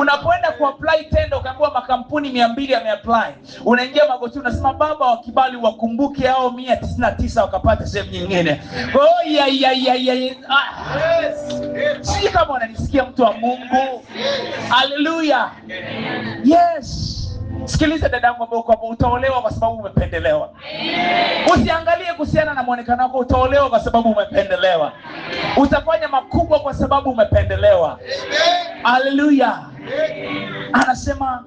Unapoenda kuapply tenda ukaambiwa makampuni mia mbili yameapply, unaingia magoti unasema Baba wakibali wakumbuke hao mia tisini na tisa wakapata sehemu nyingine. Kwa ah, sijui kama unanisikia mtu wa Mungu, haleluya, yes Sikiliza dadangu, ambao kwamba utaolewa kwa sababu umependelewa. Usiangalie kuhusiana na mwonekano wako, utaolewa kwa sababu umependelewa. Utafanya makubwa kwa sababu umependelewa. Haleluya! anasema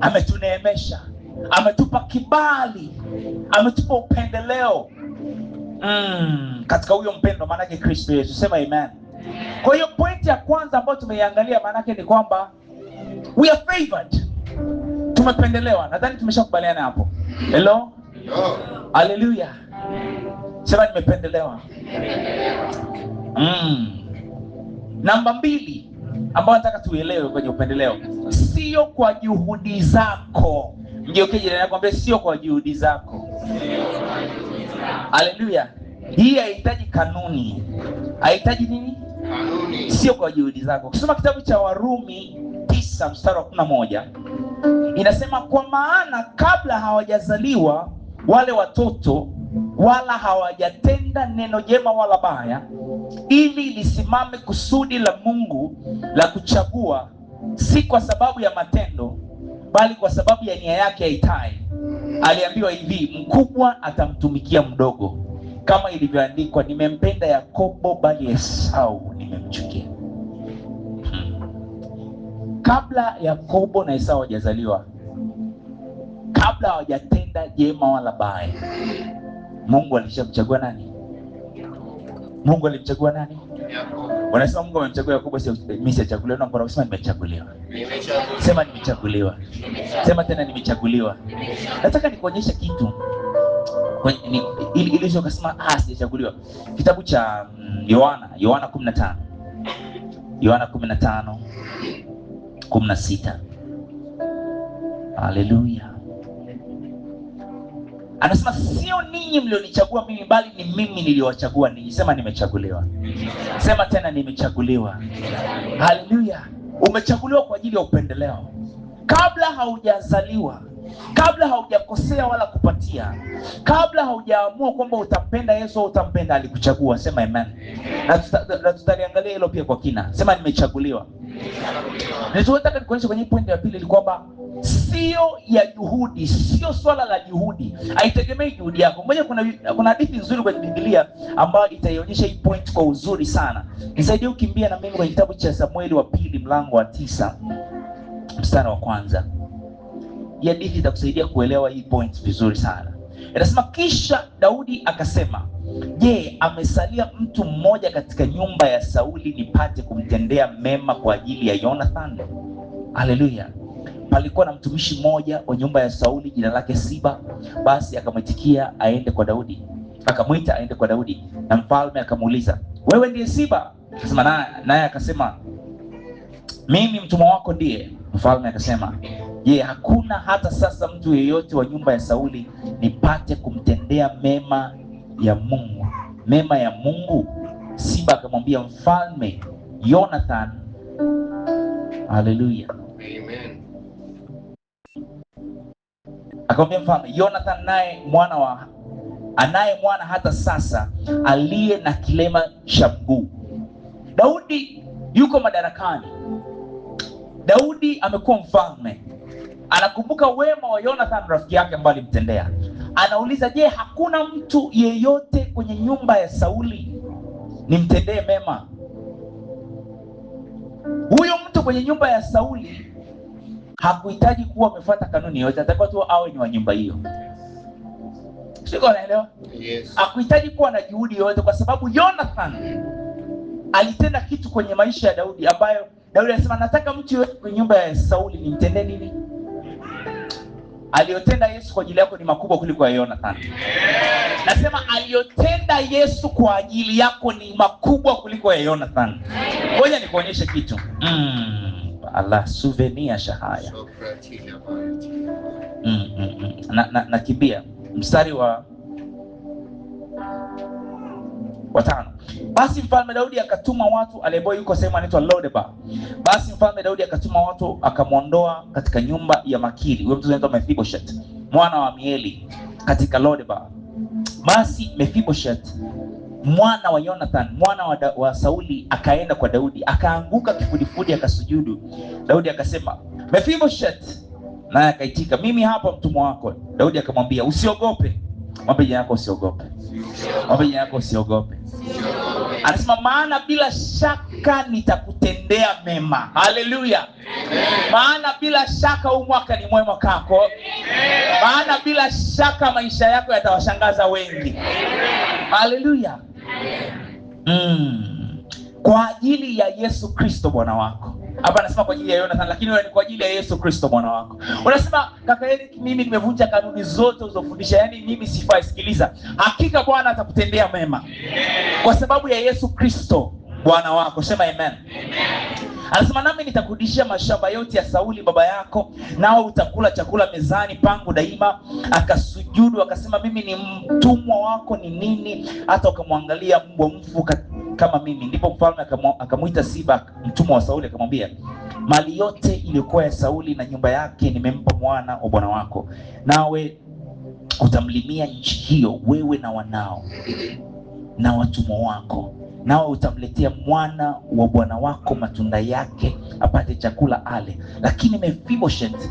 ametuneemesha ametupa kibali ametupa upendeleo mm, katika huyo mpendo maanake kristo yesu sema amen kwa hiyo pointi ya kwanza ambayo tumeiangalia maanake ni kwamba we are favored tumependelewa nadhani tumeshakubaliana hapo helo haleluya sema nimependelewa mm. namba mbili ambayo nataka tuelewe kwenye upendeleo, sio kwa juhudi zako. Mgeuke jirani yako, mwambie sio kwa juhudi zako. Haleluya! Hii haihitaji kanuni, haihitaji nini? Kanuni. Sio kwa juhudi zako. Ukisoma kitabu cha Warumi tisa mstari wa kumi na moja inasema kwa maana kabla hawajazaliwa wale watoto wala hawajatenda neno jema wala baya, ili lisimame kusudi la Mungu la kuchagua, si kwa sababu ya matendo, bali kwa sababu ya nia yake aitai. Aliambiwa hivi, mkubwa atamtumikia mdogo, kama ilivyoandikwa, nimempenda Yakobo bali Esau nimemchukia. Hmm. Kabla Yakobo na Esau hawajazaliwa, kabla hawajatenda jema wala baya, Mungu alishamchagua nani? Mungu alimchagua nani? Yakobo. Wanasema Mungu amemchagua Yakobo, sio eh, mimi Na mbona nimechaguliwa? Sema nimechaguliwa. Sema tena nimechaguliwa. Nataka nikuonyeshe kitu. Ili ili sio kasema ah, sijachaguliwa. Kitabu cha mm, Yohana, Yohana 15. Yohana 15 16. Haleluya. Anasema sio ninyi mlionichagua mimi, bali ni mimi niliowachagua ninyi. Sema nimechaguliwa, sema tena nimechaguliwa. Haleluya! Umechaguliwa kwa ajili ya upendeleo. Kabla haujazaliwa, kabla haujakosea wala kupatia, kabla haujaamua kwamba utampenda Yesu au utampenda, alikuchagua. Sema amen. Na tutaliangalia hilo pia kwa kina. Sema nimechaguliwa. Nilichotaka nikuonyesha kwenye pointi ya pili ni kwamba sio ya juhudi, sio swala la juhudi, haitegemei juhudi yako mmoja. Kuna kuna hadithi nzuri kwenye Biblia ambayo itaionyesha hii point kwa uzuri sana. Nisaidie ukimbia na mimi kwenye kitabu cha Samueli wa pili mlango wa tisa mstari wa kwanza. Hii hadithi itakusaidia kuelewa hii point vizuri sana. Inasema, kisha Daudi akasema, je, amesalia mtu mmoja katika nyumba ya Sauli nipate kumtendea mema kwa ajili ya Jonathan? Haleluya! palikuwa na mtumishi mmoja wa nyumba ya Sauli, jina lake Siba. Basi akamwitikia aende kwa Daudi, akamwita aende kwa Daudi, na mfalme akamuuliza, wewe ndiye Siba? Akasema naye, akasema mimi mtumwa wako ndiye. Mfalme akasema je, hakuna hata sasa mtu yeyote wa nyumba ya Sauli nipate kumtendea mema ya Mungu, mema ya Mungu? Siba akamwambia mfalme, yonathan Haleluya, amen. Akamwambia mfalme, Yonathan naye mwana wa anaye mwana hata sasa aliye na kilema cha mguu. Daudi yuko madarakani. Daudi amekuwa mfalme, anakumbuka wema wa Yonathan rafiki yake ambaye alimtendea. Anauliza, je, hakuna mtu yeyote kwenye nyumba ya Sauli nimtendee mema? Huyo mtu kwenye nyumba ya Sauli hakuhitaji kuwa amefuata kanuni yote, atakiwa tu awe ni wa nyumba hiyo. Siko naelewa? Yes. Hakuhitaji kuwa na juhudi yoyote kwa sababu Jonathan alitenda kitu kwenye maisha ya Daudi ambayo Daudi alisema nataka mtu yoyote kwenye nyumba ya Sauli nimtende nini? Aliyotenda Yesu kwa ajili yako ni makubwa kuliko ya Jonathan. Nasema aliyotenda Yesu kwa ajili yako ni makubwa kuliko ya Jonathan. Ngoja nikuonyeshe kitu. Mm. Allah suveniasha haya mm, mm, mm. na, na, mstari wa watano. Basi mfalme Daudi akatuma watu, Aleboi yuko sehemu anaitwa Lodeba. Basi mfalme Daudi akatuma watu akamwondoa katika nyumba ya makili huyo mtu anaitwa Mefiboshet mwana wa Mieli katika Lodeba. Basi Mefiboshet mwana wa Jonathan mwana wa, da, wa Sauli akaenda kwa Daudi akaanguka kifudifudi akasujudu. Daudi akasema Mephibosheth, naye akaitika mimi hapa mtumwa wako. Daudi akamwambia usiogope, mwambie yako usiogope, mwambie yako usiogope. Anasema maana bila shaka nitakutendea mema. Haleluya! Maana bila shaka huu mwaka ni mwema kako, maana bila shaka maisha yako yatawashangaza wengi. Haleluya! mm. kwa ajili ya yesu kristo bwana wako hapa anasema kwa ajili ya yonathan lakini ni kwa ajili ya Yesu Kristo bwana wako. Unasema kaka Eric, mimi nimevunja kanuni zote ulizofundisha, yaani mimi sifai. Sikiliza, hakika Bwana atakutendea mema kwa sababu ya Yesu Kristo Bwana wako. Sema amen. Anasema nami nitakurudishia mashamba yote ya Sauli baba yako, nao utakula chakula mezani pangu daima. Akasujudu akasema, mimi ni mtumwa wako, ni nini hata ukamwangalia mbwa mfu kama mimi? Ndipo mfalme akamwita Siba, mtumwa wa Sauli, akamwambia, mali yote iliyokuwa ya Sauli na nyumba yake nimempa mwana wa bwana wako, nawe utamlimia nchi hiyo, wewe na wanao na watumwa wako nao utamletea mwana wa bwana wako matunda yake apate chakula ale. Lakini Mefiboshet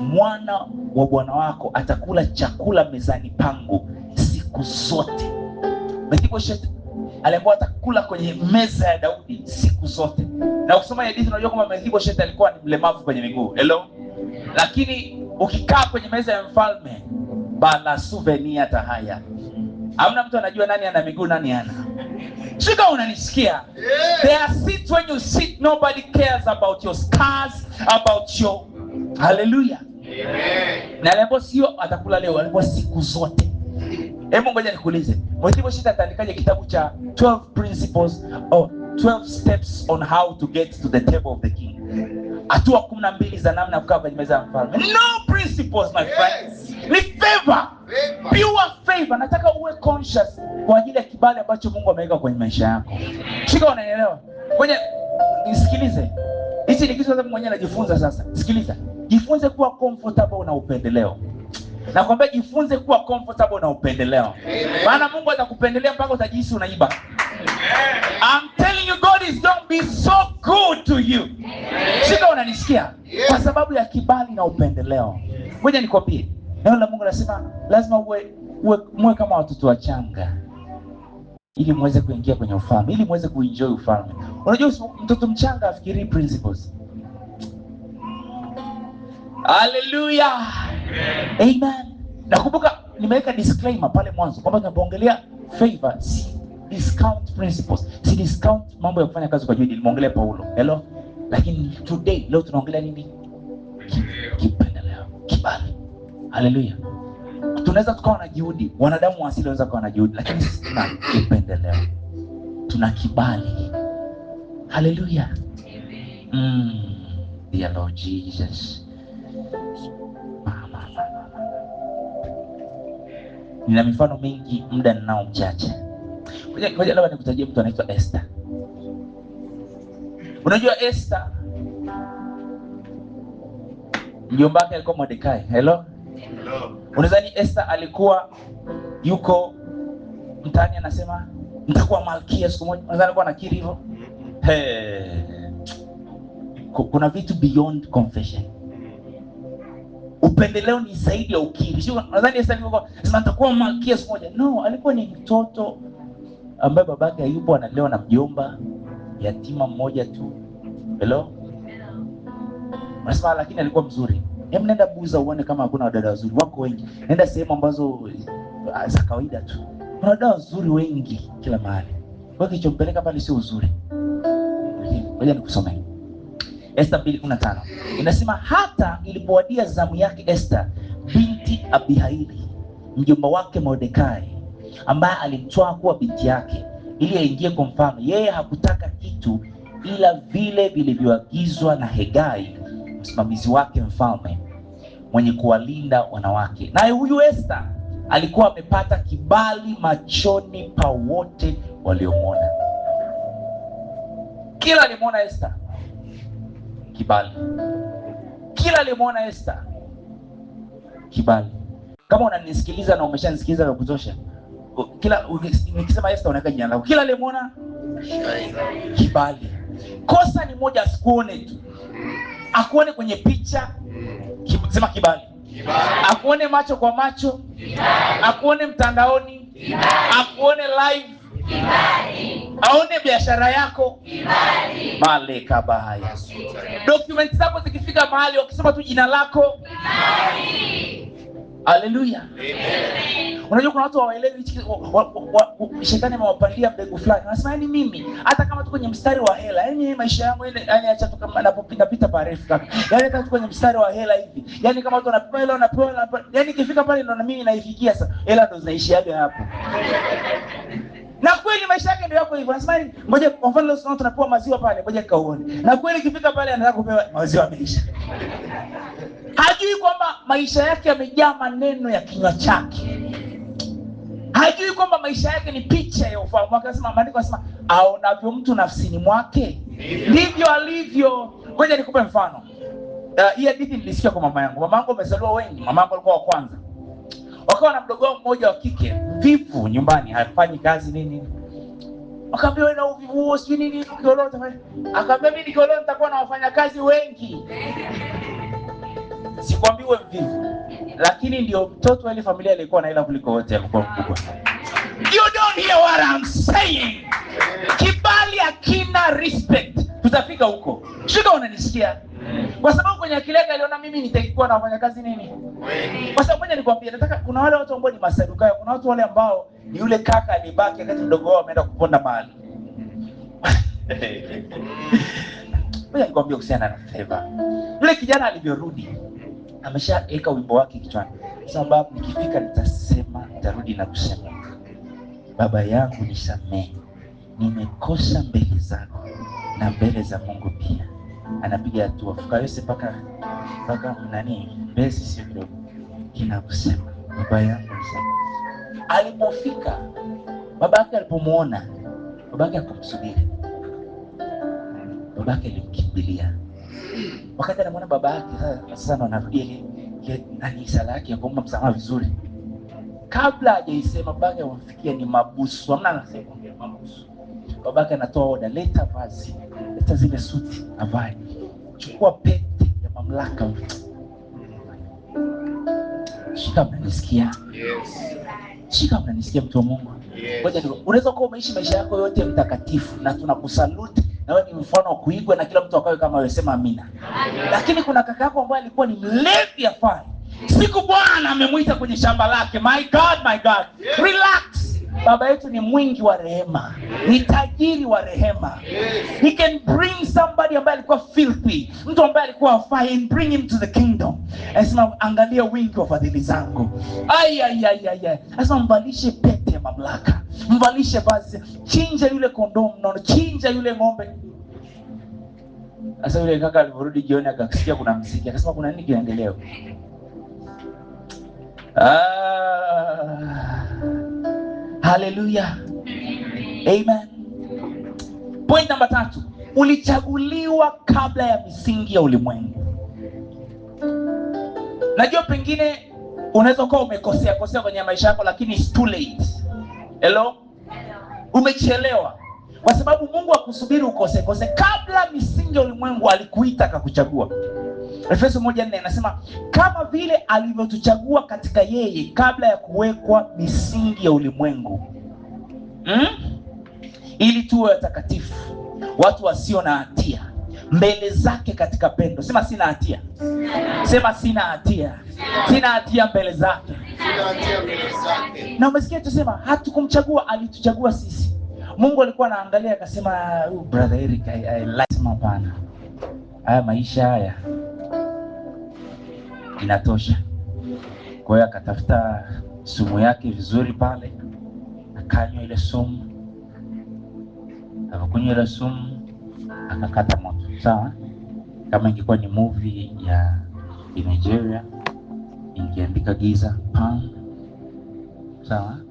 mwana wa bwana wako atakula chakula mezani pangu siku zote. Mefiboshet alikuwa atakula kwenye meza ya Daudi siku zote, na ukisoma hadithi unajua kwamba Mefiboshet alikuwa ni mlemavu kwenye miguu, hello. Lakini ukikaa kwenye meza ya mfalme bana suvenia tahaya, hamna mtu anajua nani ana miguu nani ana Shika unanisikia? There are seats when you sit nobody cares about your scars, about your Hallelujah. Amen. Na lembo sio atakula leo, lembo siku zote. Hebu ngoja nikuulize. Mwikibo Shita ataandikaje kitabu cha 12 principles or 12 steps on how to get to the table of the king? hatua kumi na mbili za namna ya kukaa kwenye meza ya mfalme. No principles my friend, Ni favor. Favor. Pure favor. Nataka uwe conscious kwa ajili ya kibali ambacho Mungu ameweka kwenye maisha yako. Shika, unaelewa? Kwenye nisikilize. Hichi ni kitu sasa mwenyewe anajifunza sasa. Sikiliza. Jifunze kuwa comfortable na upendeleo. Nakwambia jifunze kuwa comfortable na upendeleo. Maana Mungu atakupendelea mpaka utajihisi unaiba. Amen. God is not be so good to you. Shida unanisikia? Kwa sababu ya kibali na upendeleo. Ngoja nikwambie. Neno la Mungu nasema lazima uwe, uwe muwe kama watoto wachanga ili muweze kuingia kwenye ufalme, ili muweze kuenjoy ufalme. Unajua mtoto mchanga afikiri principles. Haleluya. Amen. Nakumbuka nimeweka disclaimer pale mwanzo kwamba tunapoongelea favor si discount principles, si discount mambo ya kufanya kazi kwa juhudi. Nimeongelea Paulo, hello. Lakini today leo tunaongelea nini? Kipendeleo, kibali. Haleluya. Tunaweza tukawa na juhudi, wanadamu wa asili wanaweza kuwa na juhudi, lakini sisi tuna kipendeleo, tuna kibali. Haleluya. Mm, dear Lord Jesus. Nina mifano mingi, muda ninao mchache. Ngoja labda nikutajie mtu anaitwa Esther. Unajua Esther mjomba wake alikuwa Mordekai. Hello? Hello. Unadhani Esther alikuwa yuko mtaani anasema nitakuwa malkia siku moja? Unadhani alikuwa anakiri hivyo? Mm-hmm. Hey. Kuna vitu beyond confession. Upendeleo ni zaidi ya ukiri. Nadhani Esther alikuwa sema nitakuwa malkia siku moja. No, alikuwa ni mtoto ambaye babake hayupo analewa na mjomba, yatima mmoja tu. Hello? Unasema lakini alikuwa mzuri. Hem, nenda Buza uone kama hakuna wadada wazuri wako wengi. Nenda sehemu ambazo ah, za kawaida tu. Kuna wadada wazuri wengi kila mahali. Kwa kichompeleka pale sio uzuri. Ngoja nikusome Esther 2:15. Inasema hata ilipowadia zamu yake Esther binti Abihaili mjomba wake Mordekai ambaye alimtwaa kuwa binti yake ili aingie kwa mfalme. Yeye hakutaka kitu ila vile vilivyoagizwa na Hegai, msimamizi wake mfalme, mwenye kuwalinda wanawake. Naye huyu Esta alikuwa amepata kibali machoni pa wote waliomwona. Kila alimwona Esta kibali, kila alimwona Esta kibali. Kama unanisikiliza na umeshanisikiliza vya kutosha kila nikisema Esther unaweka jina lako, kila aliyemwona kibali. Kosa ni moja, asikuone tu, akuone kwenye picha, sema kibali, akuone macho kwa macho, akuone mtandaoni, akuone live Kibali. Aone biashara yako maleka bahaya. Dokumenti zako zikifika mahali wakisema tu jina lako Kibali. Haleluya. Amen. Unajua kuna watu hawaelewi hichi shetani amewapandia mbegu fulani. Anasema yani mimi hata kama tu kwenye mstari wa hela, yani maisha yangu ile yani acha tu kama anapopita pita parefu kaka. Yani kama tu kwenye mstari wa hela hivi. Yani kama watu wanapewa hela wanapewa yani ikifika pale ndo na mimi naifikia sasa. Hela ndo zinaishiaga hapo. Na kweli maisha yake ndio yako hivyo. Anasema yaani, ngoja kwa mfano leo tunapewa maziwa pale, ngoja kaone. Na kweli ikifika pale anataka kupewa maziwa ameisha hajui kwamba maisha yake yamejaa maneno ya kinywa chake hajui kwamba maisha yake ni picha ya ufahamu wake anasema maandiko anasema aonavyo mtu nafsini mwake ndivyo alivyo ngoja nikupe mfano ah, hii uh, hadithi nilisikia kwa mama yangu mama yangu amezaliwa wengi mama yangu alikuwa wa kwanza wakawa na mdogo mmoja wa kike vivu nyumbani hafanyi kazi nini akaambia wewe na uvivu huo sijui nini ukiolewa akaambia mimi nikiolewa nitakuwa na wafanyakazi wengi sikwambiwe mvivu, lakini ndio mtoto wa ile familia alikuwa na hela kuliko wote, alikuwa mkubwa. You don't hear what I'm saying. Kibali akina respect, tutafika huko. Shika, unanisikia? Kwa sababu kwenye akili yake aliona mimi nitakuwa na wafanya kazi nini? Kwa sababu mwenye nikwambia, nataka kuna wale watu ambao ni masadukayo, kuna watu wale ambao ni yule kaka alibaki wakati mdogo wao ameenda kuponda mahali. Mwenye nikwambia kuhusiana na Favor. Yule kijana alivyorudi ameshaweka wimbo wake kichwani, sababu nikifika nitasema, nitarudi na kusema, Baba yangu nisamehe, nimekosa mbele zako na mbele za Mungu pia. Anapiga hatua fukawese mpaka mpaka nani Mbezi, sio kinakusema baba yangu nisamehe. Alipofika baba yake alipomwona, baba yake akamsubiri, baba yake alimkimbilia wakati anamwona baba yake ah, sasa ndo anarudia ile nani sala yake ya msamaha vizuri kabla hajaisema babake amfikia ni mabusu amna anasema mabusu babake anatoa oda leta vazi leta zile suti avae chukua pete ya mamlaka shika mnanisikia yes. shika mnanisikia mtu wa mungu yes. unaweza kuwa umeishi maisha yako yote mtakatifu na tunakusaluti na wewe ni mfano wa kuigwa na kila mtu akawe kama wewe. Sema amina. Lakini kuna kaka yako ambaye alikuwa ni mlevi afai, siku Bwana amemwita kwenye shamba lake. My God, my God, relax. Baba yetu ni mwingi wa rehema, ni tajiri wa rehema. He can bring somebody ambaye alikuwa filthy, mtu ambaye alikuwa afai, and bring him to the kingdom. Anasema angalia wingi wa fadhili zangu. Ai ai ai ai, anasema mbalishe pe mamlaka, mvalishe basi chinja yule kondoo mnono, chinja yule ng'ombe. Sasa yule kaka alivyorudi jioni, akasikia kuna mziki, akasema kuna nini kinaendelea? Ah, haleluya, amen. Point namba tatu, ulichaguliwa kabla ya misingi ya ulimwengu. Najua pengine unaweza ukawa umekosea kosea kwenye maisha yako, lakini it's too late. Hello? Umechelewa kwa sababu Mungu akusubiri ukose kose. Kabla misingi ya ulimwengu alikuita akakuchagua. Efeso moja nne anasema kama vile alivyotuchagua katika yeye kabla ya kuwekwa misingi ya ulimwengu hmm? ili tuwe watakatifu, watu wasio na hatia mbele zake katika pendo. Sema sina hatia, sema sina hatia, sina hatia mbele zake na umesikia tusema hatukumchagua, alituchagua sisi. Mungu alikuwa anaangalia akasema, uh, huyu brother Eric lazima pana haya maisha haya inatosha. Kwa hiyo akatafuta sumu yake vizuri pale, akanywa ile sumu. Akakunywa ile sumu, akakata moto. Sawa, kama ingekuwa ni movie ya Nigeria ningeandika giza pam, sawa